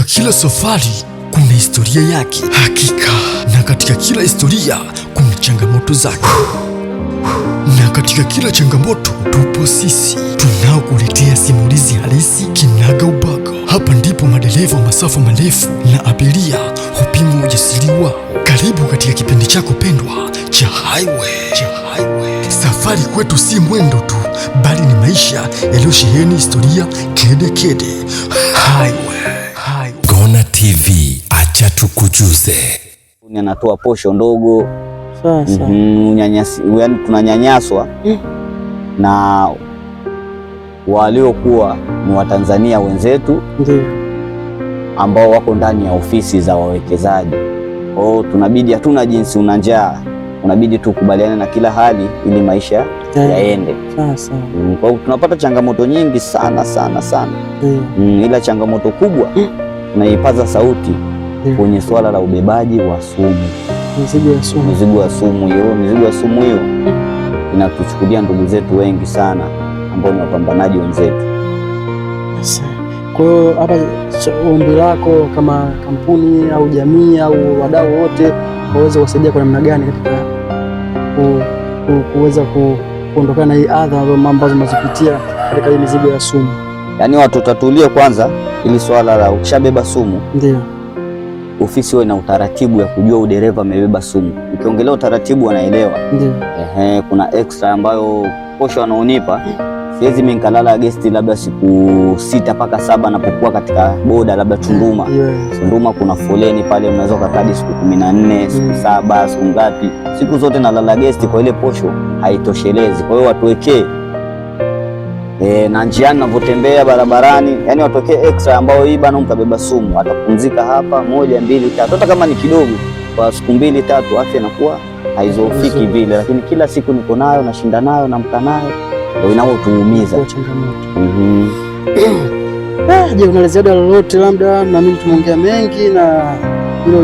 Katika kila safari kuna historia yake, hakika, na katika kila historia kuna changamoto zake, na katika kila changamoto tupo sisi tunaokuletea simulizi halisi kinaga ubaga. Hapa ndipo madereva wa masafa marefu na abiria hupima ujasiri wao. Karibu katika kipindi chako pendwa cha Highway. Cha Highway. Safari kwetu si mwendo tu, bali ni maisha yaliyosheheni historia kedekede kede. TV, acha tukujuze. Anatoa posho ndogo sawa Mm -hmm, tunanyanyaswa mm. na waliokuwa ni Watanzania wenzetu ambao wako ndani ya ofisi za wawekezaji kwao, oh, tunabidi hatuna jinsi, una njaa unabidi tukubaliane na kila hali ili maisha eh. yaende. Mhm, kwa hiyo tunapata changamoto nyingi sana sana sana mm, ila changamoto kubwa naipaza sauti yeah, kwenye swala la ubebaji wa sumu, mizigo ya sumu hiyo. Mizigo ya sumu hiyo inatuchukulia ndugu zetu wengi sana ambao ni wapambanaji wenzetu. Kwa hiyo hapa, ombi lako kama kampuni au jamii au wadau wote waweze kusaidia kwa namna gani katika kuweza kuondokana na hii adha ambazo mnazipitia katika hii mizigo ya sumu? yaani watu tatulie kwanza ili swala la ukishabeba sumu ndio ofisi we na utaratibu ya kujua udereva amebeba sumu. Ukiongelea utaratibu wanaelewa. Ehe, kuna extra ambayo posho wanaonipa siwezi mimi nikalala gesti labda siku sita mpaka saba napokuwa katika boda labda Tunduma. Yes. Tunduma kuna foleni pale, unaweza kukadi siku kumi na nne siku mm. saba siku ngapi, siku zote nalala gesti, kwa ile posho haitoshelezi. Kwa hiyo watuwekee E, na njiani navyotembea barabarani, yani watokee extra ambao hii bana mkabeba sumu, atapumzika hapa moja mbili tatu, hata kama ni kidogo, kwa siku mbili tatu afya inakuwa haizofiki vile, lakini kila siku niko nayo nashinda nayo namka nayo ndio inaotuumiza changamoto. mm Je, unaelezea lolote labda, na mimi tumeongea mengi na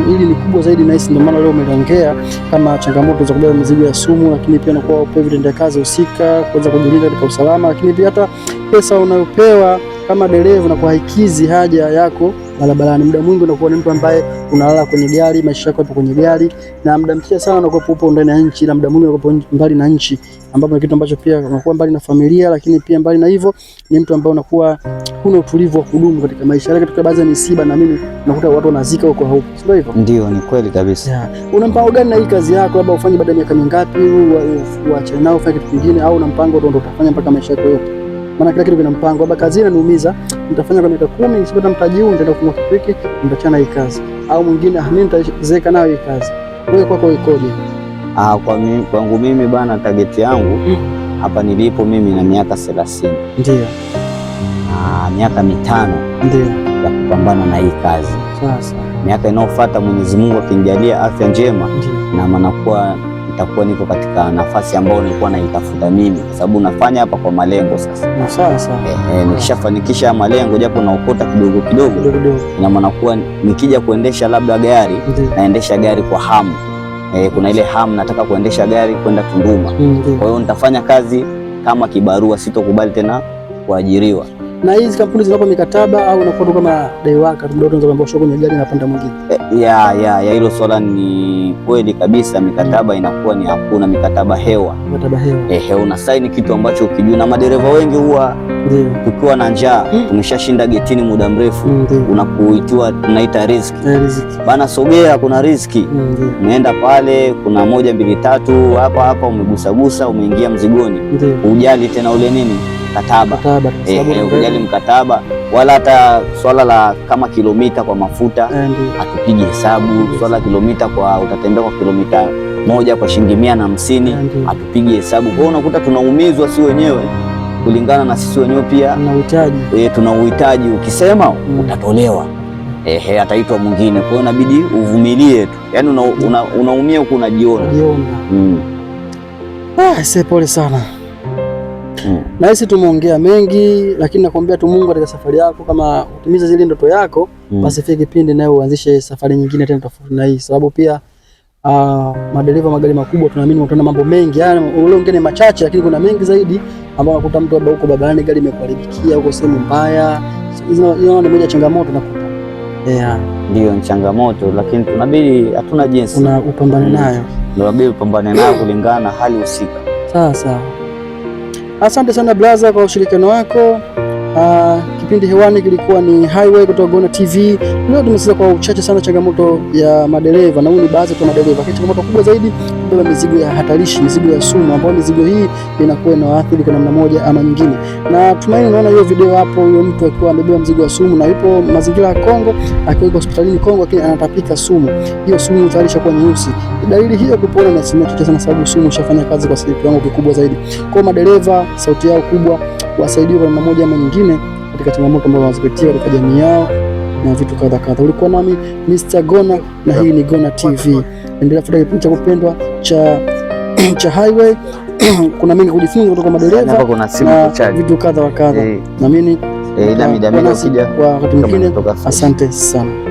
hili ni kubwa zaidi, na hisi ndio maana leo umeliongea kama changamoto za kubeba mizigo ya sumu, lakini pia na kuwa upewe vitendea kazi husika, kuweza kujilinda katika usalama, lakini pia hata pesa unayopewa kama dereva na kuhaikizi haja yako barabarani. Muda mwingi unakuwa ni mtu ambaye unalala kwenye gari, maisha yako yapo kwenye gari, na muda mchache sana unakuwa upo ndani ya nchi, na muda mwingi unakuwa mbali na nchi ambapo ni kitu ambacho pia unakuwa mbali na familia, lakini pia mbali na hivyo ni mtu ambaye unakuwa huna utulivu wa kudumu katika maisha yake. Katika baadhi ya misiba na mimi nakuta watu wanazika huko huko, sio hivyo? Ndio, ni kweli kabisa. Yeah. Una mpango gani na hii kazi yako, labda ufanye baada ya miaka mingapi, uache nao ufanye kitu kingine, au una mpango ndio utafanya mpaka maisha yako yote? Maana kila kitu kina mpango. Labda kazi inaniumiza, nitafanya kwa miaka kumi, nisipata mtaji huu, nitaenda kununua pikipiki, nitachana hii kazi, au mwingine ah, mimi nitazeeka nayo hii kazi. Wewe kwako ikoje? Ah, kwa mimi, kwangu mimi bana, tageti yangu mm. hapa nilipo mimi na miaka thelathini ndio miaka mitano ndio ya kupambana na hii kazi sasa. Miaka inayofuata Mwenyezi Mungu akinijalia afya njema, na maana kuwa nitakuwa niko katika nafasi ambayo nilikuwa naitafuta mimi, kwa sababu nafanya hapa kwa malengo sasa. Sasa eh, eh nikishafanikisha malengo japo naokota kidogo kidogo, ina maana kuwa nikija kuendesha labda gari, naendesha gari kwa hamu eh, kuna ile hamu nataka kuendesha gari kwenda Tunduma. Mm, Kwa hiyo nitafanya kazi kama kibarua, sitokubali tena kuajiriwa na hizi kampuni zinapo mikataba au unakuwa kama daiwaka kwenye gari na mwingine eh, ya ya ya, hilo swala ni kweli kabisa. Mikataba inakuwa ni hakuna mikataba hewa, mikataba hewa eh, una saini kitu ambacho ukijua, na madereva wengi huwa tukiwa na njaa hmm. tumeshashinda getini muda mrefu, hmm, unakuitiwa tunaita riziki eh, bana, sogea, kuna riziki. Hmm, Umeenda pale, kuna moja mbili tatu, hapa hapa, umegusagusa, umeingia mzigoni, ujali tena ule nini mkataba, hujali eh, eh, mkataba wala hata swala la kama kilomita kwa mafuta eh, hatupigi hesabu. Swala kilomita kwa utatembea kwa kilomita moja kwa shilingi mia na hamsini hatupigi hesabu. Kwa hiyo unakuta tunaumizwa si wenyewe kulingana na sisi wenyewe pia tuna uhitaji e, ukisema mm. utatolewa ehe, ataitwa mwingine. Kwa hiyo inabidi uvumilie tu, yaani unaumia una, una huku unajiona mm. Ah, pole sana na sisi tumeongea mengi, lakini nakwambia tu Mungu katika safari yako, kama utimiza zile ndoto yako mm. basi fika kipindi nawe uanzishe safari nyingine tena tofauti na hii, sababu pia uh, madereva magari makubwa tunaamini wataona mambo mengi, yani, ule ungene machache, lakini kuna mengi zaidi ambao unakuta mtu labda huko barabarani gari imekuharibikia huko sehemu mbaya, hiyo ni moja changamoto na yeah. Ndio ni changamoto, lakini tunabidi, hatuna jinsi, una upambane mm. nayo, tunabidi upambane nayo kulingana na hali husika. Sawa sawa. Asante sana blaza kwa ushirikiano wako. Uh, kipindi hewani kilikuwa ni Highway kutoka Gona TV. Leo tumesikia kwa uchache sana changamoto ya madereva, na huyu ni baadhi tu madereva. Changamoto kubwa zaidi kubeba mizigo ya hatarishi, mizigo ya sumu, ambayo mizigo hii inakuwa inawaathiri kwa namna moja ama nyingine. Na tumaini, naona hiyo video hapo, huyo mtu akiwa amebeba mzigo wa sumu na yupo mazingira ya Kongo, akiwa hospitalini Kongo, lakini anatapika sumu. Hiyo sumu inatarisha ishakuwa nyeusi. Dalili hiyo kupona na sumu chache sana, sababu sumu ishafanya kazi kwa kiwango kikubwa zaidi. Kwa madereva, sauti yao kubwa wasaidie kwa namna moja ama nyingine katika changamoto ambazo wanazipitia katika jamii yao na vitu kadha kadha. Ulikuwa nami Mr. Gona na hii ni Gona TV. Endelea fuata kipindi cha kupendwa cha cha Highway. Kuna mengi kujifunza kutoka madereva na vitu kadha wa kadha. Eh. Eh, kwa wakati mwingine, asante sana.